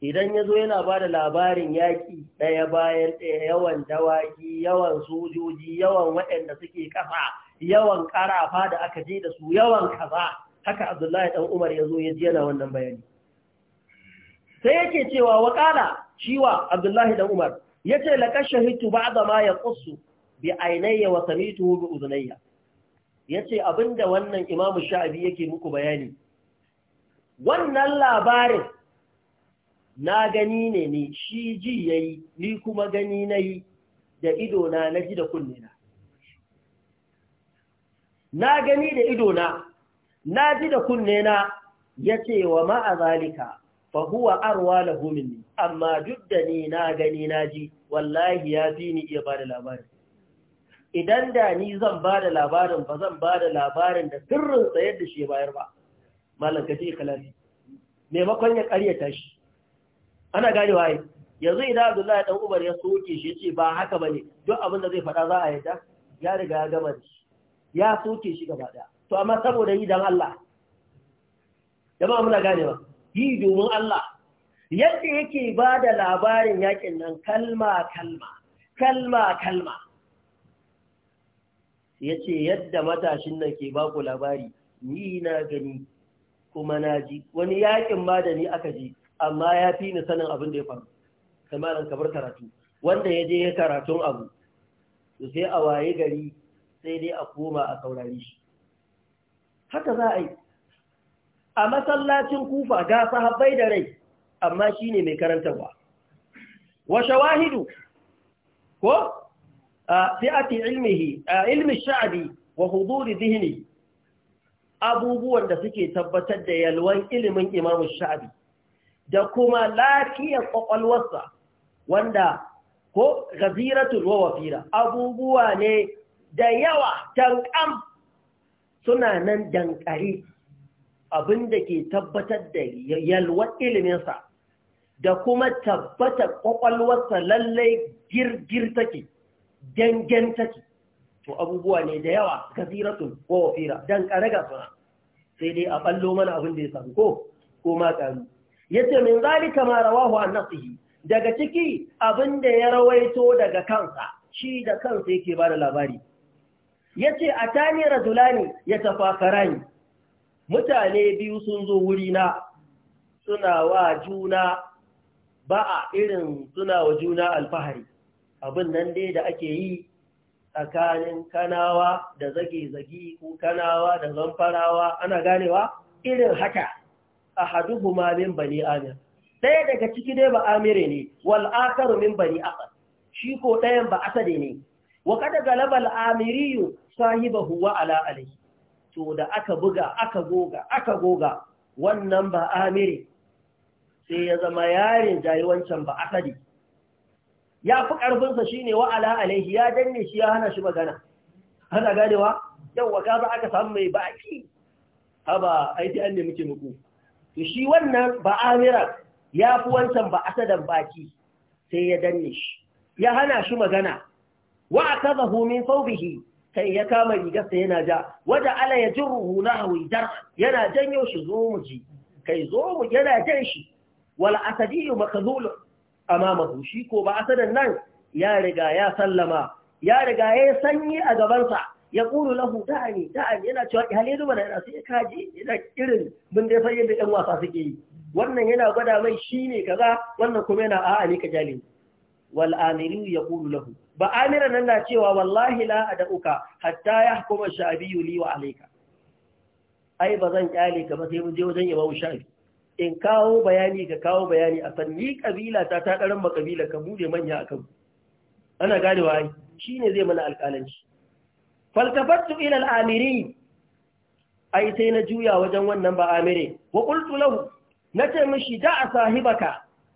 Idan ya zo yana ba da labarin yaƙi ɗaya bayan ɗaya yawan dawaki, yawan sojoji, yawan waɗanda suke ƙasa, yawan ƙarafa da aka je da su, yawan kaza. haka abdullahi ɗan umar ya zo ya ji yana wannan bayani sai yake cewa wa ƙala shiwa abdullahi ɗan umar ya ce laƙar shahitu ba da ma ya ƙusu bi wa samitu bi uzunayya ya ce abinda wannan imamu sha'abi yake muku bayani wannan labarin na gani ne ne shi ji yayi ni kuma gani nayi da idona na ji da kunnena na gani da idona na ji da kunne na ya ce wa ma'a zalika fa huwa arwa na amma duk da ni na gani na ji wallahi ya fi ni iya bada labarin idan da ni zan bada labarin ba zan bada labarin da sirrin tsayar da shi bayar ba malam kace maimakon ya karyata shi ana gane waye yanzu idan Abdullahi ɗan Umar ya soke shi ce ba haka bane duk abin da zai faɗa za a yadda ya riga ya gama da shi ya soke shi gaba ɗaya to amma saboda yi don Allah jama'a muna gane ba yi domin Allah yadda yake ba da labarin yakin nan kalma kalma kalma kalma ya ce yadda matashin nan ke baku labari ni na gani kuma na ji wani yakin ma da ni aka ji amma ya fi ni sanin abin da ya faru kamarin kamar karatu wanda ya je ya karatun abu to sai a waye gari sai dai a koma a saurari shi haka za a yi a masallacin kufa ga sahabbai da rai amma shi ne mai karantarwa wa shawahidu ko fi'ati ilmihi ilmi sha'abi wa huduri zihni abubuwan da suke tabbatar da yalwan ilimin imamun sha'abi da kuma lafiyar ƙwaƙwalwarsa wanda ko gaziratul wa wafira abubuwa ne da yawa tankam suna nan dankare abin ke tabbatar da yalwar iliminsa da kuma tabbatar ƙwaƙwalwarsa lallai girgir take, gangan take, to abubuwa ne da yawa kasiratun ko fira, don ga suna, sai dai a ɓallo mana abin da ya samu ko, ko ma ƙaru. Ya ce, min zari kama daga ciki abin da ya rawaito daga kansa, shi da kansa yake ba da labari. Ya ce a yace Ya tafa yatafakarani mutane biyu sun zo wurina suna wa juna ba'a irin suna wa juna alfahari abin nan dai da ake yi tsakanin kanawa da zage-zage ko kanawa da zamfarawa ana ganewa irin haka a haduhu ma min bani amir ɗaya daga ciki dai ba amire ne wal'akaru min bani asad shi ko ɗayan ba asade ne wa kada galaba Amiriyu. sahibahu wa ala alayhi to da aka buga aka goga aka goga wannan ba amiri sai ya zama yarin jayi wancan ba akadi ya fi ƙarfinsa shi ne wa'ala alaihi ya danne shi ya hana shi magana hana ganewa yau ka ba aka samu mai baki haba aiki an muke muku to shi wannan ba amira ya fi wancan ba asadan baki sai ya danne shi ya hana shi magana wa zahomin kaza homin faubihi kai ya kama rigarsa yana ja wada ala ya jin ruhu na hawidar yana janyo shi zo mu ji kai zo mu yana jan shi Wala asadiyu makazulu amama shi ko ba asadan nan ya riga ya sallama ya riga ya sanyi a gabansa ya kulu lahu da'ani ne. yana cewa ihale zuwa da sai kaji yana irin bin da sai yadda ɗan wasa suke yi wannan yana gwada mai shi shine kaza wannan kuma yana a'a ne ka jali wal ya yaqulu lahu ba amira nan na cewa wallahi la'a da uka, hatta yahkuma shabiyu li wa alayka ai ba zan kyale ka ba sai mun je wajen imamu shafi in kawo bayani ka kawo bayani a san ni kabila ta ta karan ma kabila ka bude manya akan ana ganewa ai shine zai mana alƙalanci faltafattu ila amiri ai sai na juya wajen wannan ba amire wa qultu lahu nace mishi da sahibaka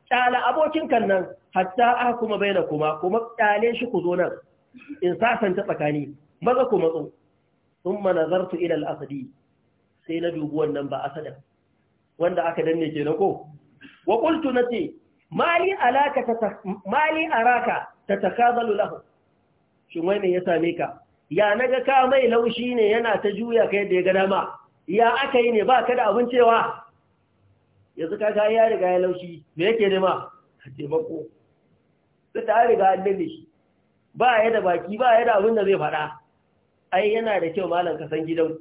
kyala abokin kan nan hatta aka kuma na kuma kuma kyale shi ku zo nan in sasanta tsakani maza ku matso sun manazartu ila al'asadi sai na dubi wannan ba asadin wanda aka danne ke ko wa na ce mali alaka ta mali araka lahu shin wai ya same ka ya naga ka mai laushi ne yana ta juya kai da ya ga dama ya aka yi ne ba ka da abin cewa yanzu ka ga ya riga ya laushi me yake nema taimako sai ta riga an dade shi ba ya da baki ba ya da abin da zai faɗa ai yana da kyau malam ka san gidan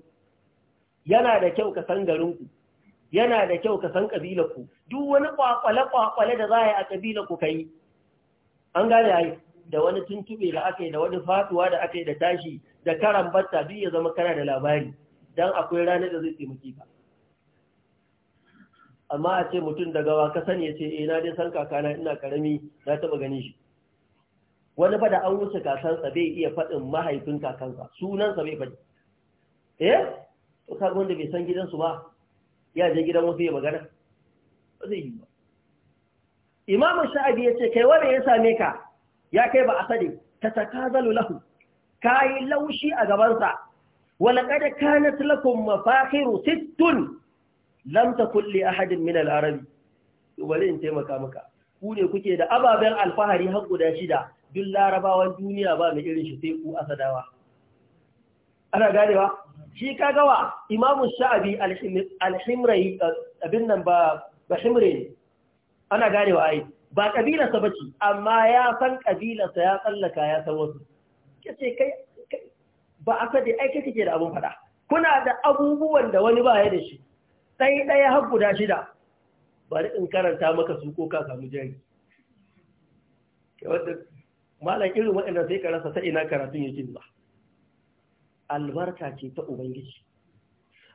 yana da kyau ka san garin ku yana da kyau ka san kabilar ku duk wani kwakwale kwakwale da za a yi a kabilar ku kai an gane ai da wani tuntube da aka yi da wani fatuwa da aka yi da tashi da karan batta duk ya zama kana da labari dan akwai ranar da zai taimake ka amma a ce mutum da gawa ka sani ya ce ina eh, dai san kakana ina karami na taba gani shi wani ba da an wuce kakansa bai iya faɗin mahaifin kakansa sunansa bai faɗi eh to ka wanda bai san gidansu ba ya je gidan wasu ya magana ba zai yi ba imamu sha'abi ya ce kai wanda ya same ka ya kai ba asali ta takazalu lahu ka yi laushi a gabansa wala kada kanat lakum mafakhiru sittun lam ta li ahadin min al-arabi in taimaka maka ku ne kuke da ababen alfahari har guda shida duk larabawan duniya ba mai irin shi sai ku asadawa ana ganewa shi gawa imamu sha'abi al abin nan ba ba ne ana ganewa ai ba kabilarsa bace amma ya san kabilarsa ya tsallaka ya san wasu kace kai ba aka dai ai kake da abun fada kuna da abubuwan da wani ba ya da shi sai ɗaya har guda shida bari in karanta maka su ko ka samu jari malar irin waɗanda sai karasa rasa ina karatun yake zuwa albarka ce ta ubangiji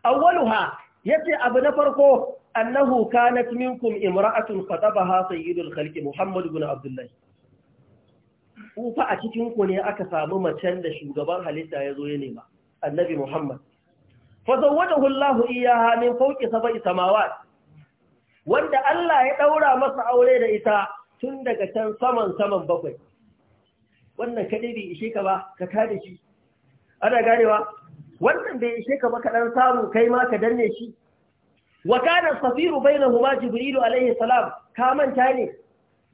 awwaluha yace abu na farko annahu kanat minkum imra'atun fatabaha sayyidul khalqi muhammad ibn abdullah ku a cikin ku ne aka samu macen da shugaban halitta ya zo ya nema annabi muhammad fazawwadahu Allah iyaha min fawqi sab'i samawat wanda Allah ya daura masa aure da ita tun daga can saman saman bakwai wannan kadai bai ishe ka ba ka kada shi ana ganewa wannan bai ishe ka ba ka dan samu kai ma ka danne shi wa kana safiru bainahuma jibrilu alaihi salam ka manta ne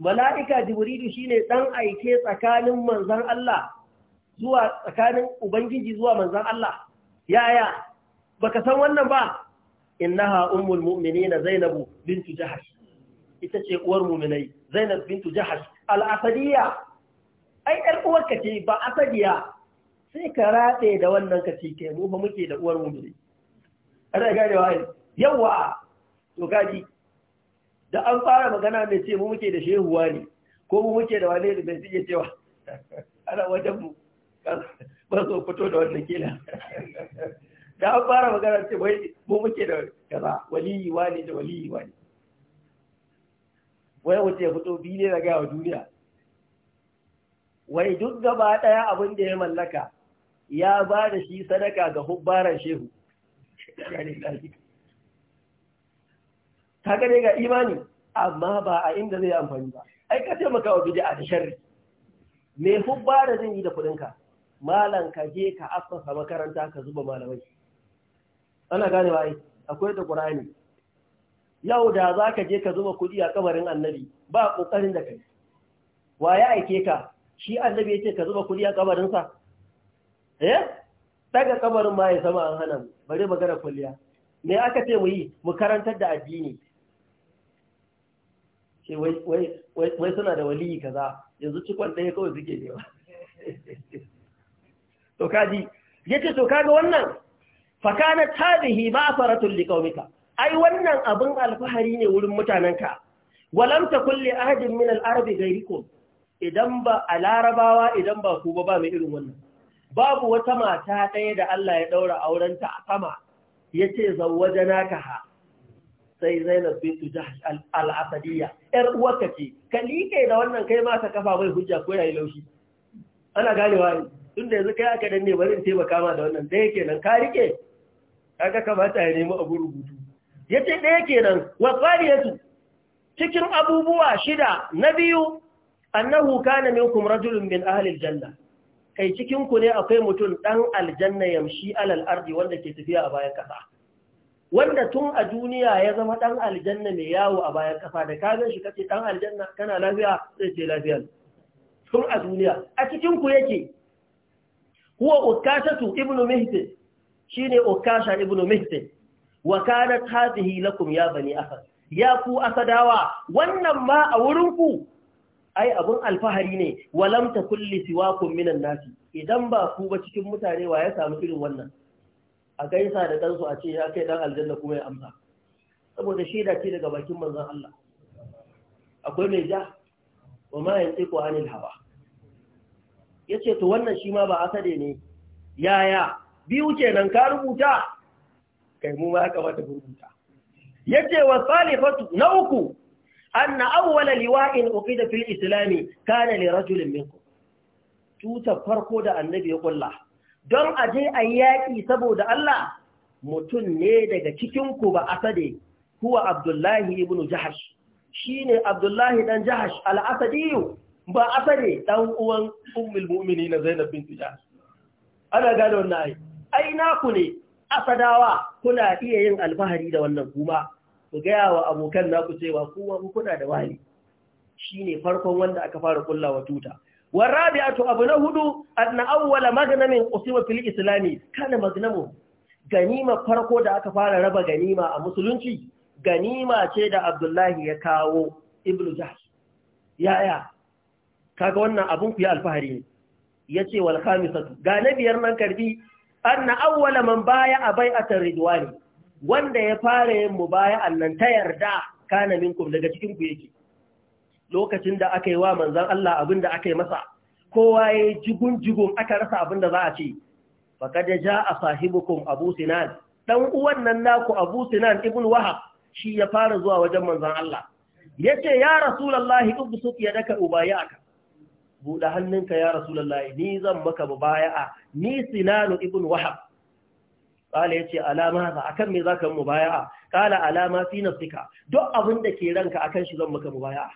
mala'ika jibrilu shine dan aike tsakanin manzon Allah zuwa tsakanin ubangiji zuwa manzon Allah yaya baka san wannan ba innaha ummul mu'minina zainabu bintu jahash ita ce uwar mu'minai zainab bintu jahash al-asadiya ai yar uwar ce ba asadiya sai ka rate da wannan ka ce kai mu fa muke da uwar mu'minai ana ganewa ai yawa to gaji da an fara magana mai ce mu muke da shehuwa ne ko mu muke da wane da bai fiye cewa ana wajen mu ba so fito da wannan kila da an fara magana ce wai mu muke da kaza waliyi wani da waliyi wani wai wuce ya fito biyu ne na gaya wa duniya wai duk gaba ɗaya abin da ya mallaka ya ba da shi sadaka ga hubbaran shehu ta gane ga imani amma ba a inda zai amfani ba ai ka taimaka wa bid'a da sharri me hubba da zan yi da kudinka malan ka je ka assasa makaranta ka zuba malamai ana gane ba akwai da qur'ani yau da zaka je ka zuba kudi a kabarin annabi ba kokarin da kai wa ya aike ka shi annabi yace ka zuba kudi a kabarin sa eh daga kabarin ma ya sama an hana mu bare magana kulliya me aka ce mu yi mu karantar da addini ce wai suna da waliyi kaza yanzu cikon ɗaya kawai suke ba. to kaji yace to kaga wannan fakana tadihi ma'afaratun liqaumika ai wannan abin alfahari ne wurin mutanenka walam takul li ahadin min al-arabi ghayrikum idan ba a larabawa idan ba ku ba ba mai irin wannan babu wata mata ɗaya da Allah ya ɗaura aurenta a sama ya ce zawajana ka ha sai zainab bintu al al'asadiyya ‘yar uwarka ce ka liƙe da wannan kai ma ka kafa mai hujja ko yayi laushi ana ganewa ne tun da yanzu kai aka danne bari in taimaka ma da wannan da yake nan ka riƙe aka kamata ya nemi abu rubutu ya ce ɗaya kenan wasaniyatu cikin abubuwa shida na biyu annahu kana minkum rajulun min ahli aljanna kai cikin ku ne akwai mutum dan aljanna yamshi alal ardi wanda ke tafiya a bayan kasa wanda tun a duniya ya zama dan aljanna mai yawo a bayan kasa da ka gan shi kace dan aljanna kana lafiya sai ce lafiya tun a duniya a cikin ku yake huwa ukashatu ibnu mihdi Shi ne Okasha ibn Mihsin wa kanat hadhihi lakum ya bani Asad ya ku Asadawa wannan ma a wurin ku ai abun alfahari ne Walamta takul li siwakum minan nasi idan ba ku ba cikin mutane wa ya samu irin wannan a gaisa da ɗansu a ce ya kai ɗan aljanna kuma ya amsa saboda shaida ce daga bakin manzon Allah akwai mai ja wa ma yanzu anil hawa yace to wannan shi ma ba asade ne yaya biyu kenan ka rubuta kai mu ma haka mata rubuta yace wa salifatu na uku anna awwala liwa'in uqida fil islam kana li rajulin minkum tuta farko da annabi ya kulla don aje ayi yaƙi saboda Allah mutun ne daga cikin ku ba asade huwa abdullahi ibnu jahash shine abdullahi dan jahash al-asadi ba asade dan uwan ummul mu'minin zainab bint jahash ana gane wannan ayi ai naku ne asadawa kuna iya yin alfahari da wannan kuma ku gaya wa abokan naku cewa ku kuna da wani shine farkon wanda aka fara wa tuta warabi'atu abu na hudu anna awwala maganamin usima fil islami kana magnamu ganima farko da aka fara raba ganima a musulunci ganima ce da abdullahi ya kawo ibnu jahsh yaya kaga wannan abun ku ya alfahari ne yace wal khamisatu ga nabiyar nan karbi anna awwala man baya a bai'atar ridwani wanda ya fara yin mubaya'an nan ta yarda kana minkum daga cikin ku yake lokacin da aka yi wa manzon Allah abin da aka yi masa kowa ya yi jigun jigun aka rasa abin da za a ce faqad ja'a sahibukum abu sinan dan uwan nan naku abu sinan ibn wahab shi ya fara zuwa wajen manzon Allah yace ya rasulullahi ubsut yadaka ubayaka buɗe hannunka ya rasulallah ni zan maka mubaya'a ni sinanu ibn wahab qala yace alama za akan me zaka mubaya'a qala alama fi nafsika duk abin da ke ranka akan shi zan maka mubaya'a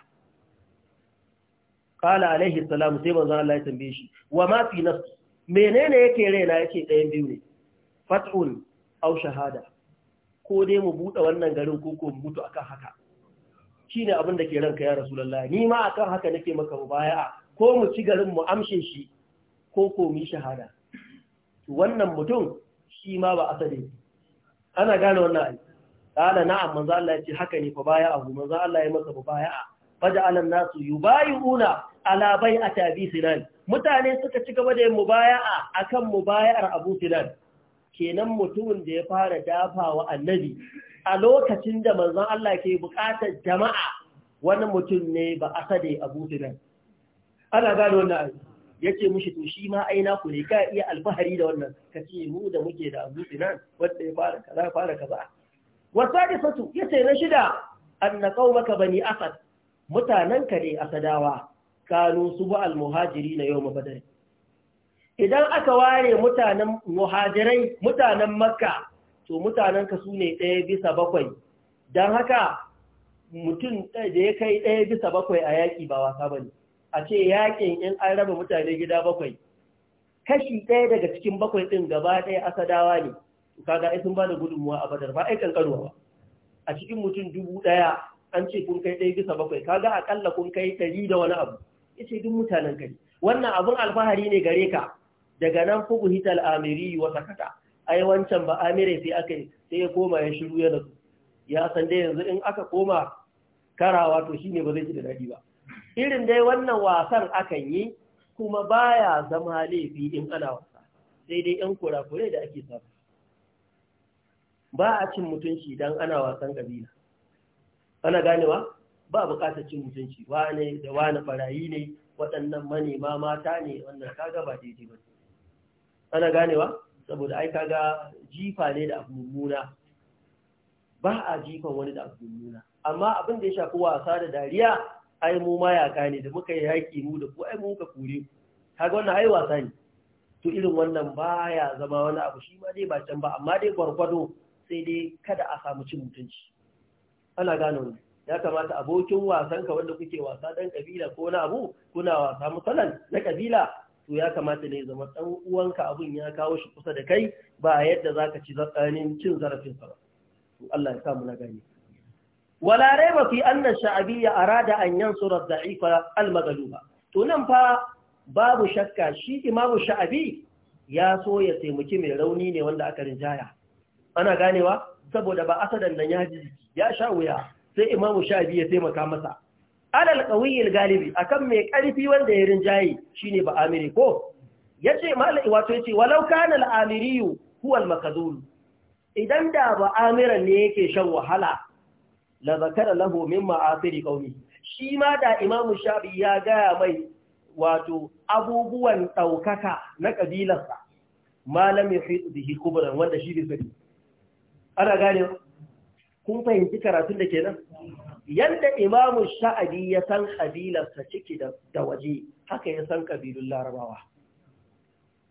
qala alaihi salam sai manzo Allah ya tambaye shi wa ma fi nafsi menene yake raina yake ɗayan biyu ne fat'un aw shahada ko dai mu buɗe wannan garin ko ko mutu akan haka shine abin da ke ranka ya rasulullahi ni ma akan haka nake maka mubaya'a ko mu ci garin mu amshe shi ko ko mu shahada wannan mutum shi ma ba asali ana gane wannan ai kana na'am manzo Allah yace haka ne fa baya abu manzo Allah ya masa baya'a faja'ala alan nasu yubayuna ala bai'ati abi sinan mutane suka ci gaba da yin mubaya'a akan mubaya'ar abu sinan kenan mutumin da ya fara dafawa annabi a lokacin da manzon Allah ke bukatar jama'a wani mutum ne ba sade abu sinan ana gano wannan abu ya ce mushi to shi ma aina ku ne ka iya alfahari da wannan ka ce mu da muke da abu nan wanda ya fara kaza fara kaza wa sadisatu fatu ya ce na shida an qaumaka bani asad mutanen ka ne asadawa kanu subu ba almuhajiri na yau idan aka ware mutanen muhajirai mutanen makka to mutanen ka su ne ɗaya bisa bakwai don haka mutum da ya kai ɗaya bisa bakwai a yaƙi ba wasa bane ne a ce yakin in an raba mutane gida bakwai kashi ɗaya daga cikin bakwai ɗin gaba ɗaya asadawa ne kaga ai sun ba da gudunmuwa a badar ba ai kankanuwa ba a cikin mutum dubu ɗaya an ce kun kai ɗaya bisa bakwai kaga aƙalla kun kai ɗari da wani abu ya ce duk mutanen kai wannan abun alfahari ne gare ka daga nan fugu hital amiri wa sakata ai wancan ba amire sai aka sai ya koma ya shiru ya nasu ya san dai yanzu in aka koma karawa to shine ba zai ji da daɗi ba irin dai wannan wasan akan yi kuma baya zama laifi in ana wasa sai dai yan kurakure da ake samu ba a cin mutunci dan ana wasan ƙabila. ana ganewa ba buƙatar cin mutunci wane da wane barayi ne waɗannan manema mata ne wannan kaga ba daidai ba ana ganewa saboda ai kaga jifa ne da abu mummuna ba a jifan wani da abu mummuna amma abin da ya shafi wasa da dariya ai mu mayaka ne da muka yi yaƙi mu da ku ai mu ka kure ku kaga wannan ai wasa ne to irin wannan baya zama wani abu shi ma dai ba can ba amma dai gwargwado sai dai kada a samu cin mutunci ana gane wannan ya kamata abokin wasan ka wanda kuke wasa dan kabila ko na abu kuna wasa musalan na kabila to ya kamata ne zama dan uwanka abun ya kawo shi kusa da kai ba yadda zaka ci zakanin cin zarafin sa ba to Allah ya sa mu na gani Walarai raiba fi anna sha'abiyya arada anyan yansura ad-da'ifa al-maghluba to fa babu shakka shi imamu sha'abi ya so ya taimaki mai rauni ne wanda aka rinjaya ana ganewa saboda ba asadan nan ya ji ya sha wuya sai imamu sha'abi ya taimaka masa alal qawiyil galibi akan mai karfi wanda ya rinjaye shine ba amiri ko yace malai wato yace walau kana al-amiriyu huwa al-makdhul idan da ba ne yake shan wahala la zakara lahu min ma'asiri qaumi shi ma da Imam Shafi ya gaya mai wato abubuwan daukaka na kabilarsa malam yuhitu bihi kubran wanda shi ne sani ana gane kun fahimci karatun da kenan yanda Imam Sha'abi ya san kabilarsa ciki da, da waje haka ya san kabilun Larabawa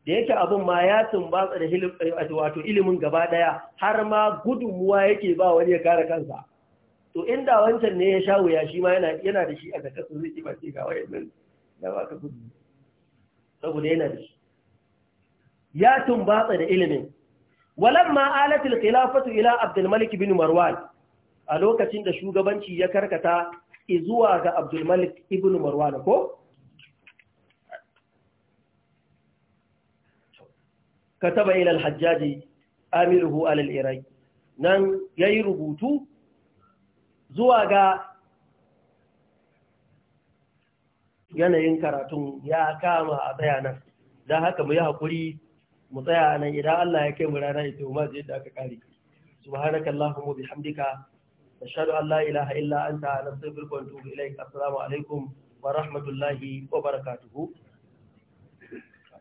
da yake abin ma ya tumbatsa da eh, wato ilimin gaba daya har ma gudunmuwa yake ba wani ya kare kansa to inda wancan ne ya sha wuya shi ma yana da shi a kasa zai ce ba ce ga wayan nan da ba ka gudu saboda yana da shi ya tumbatsa da ilimin walan ma alatul khilafatu ila abdul malik bin marwan a lokacin da shugabanci ya karkata zuwa ga abdul malik ibn marwan ko kataba ila al-hajjaji amiruhu ala al-iraq nan yayi rubutu zuwa ga yanayin karatun ya kama a bayanan don haka mu yi haƙuri mu tsaya nan idan Allah ya kai mu rana ita ma je da aka kare subhanakallahumma wa bihamdika nashhadu an la ilaha illa anta nastaghfiruka wa natubu ilaik assalamu alaikum wa rahmatullahi wa barakatuhu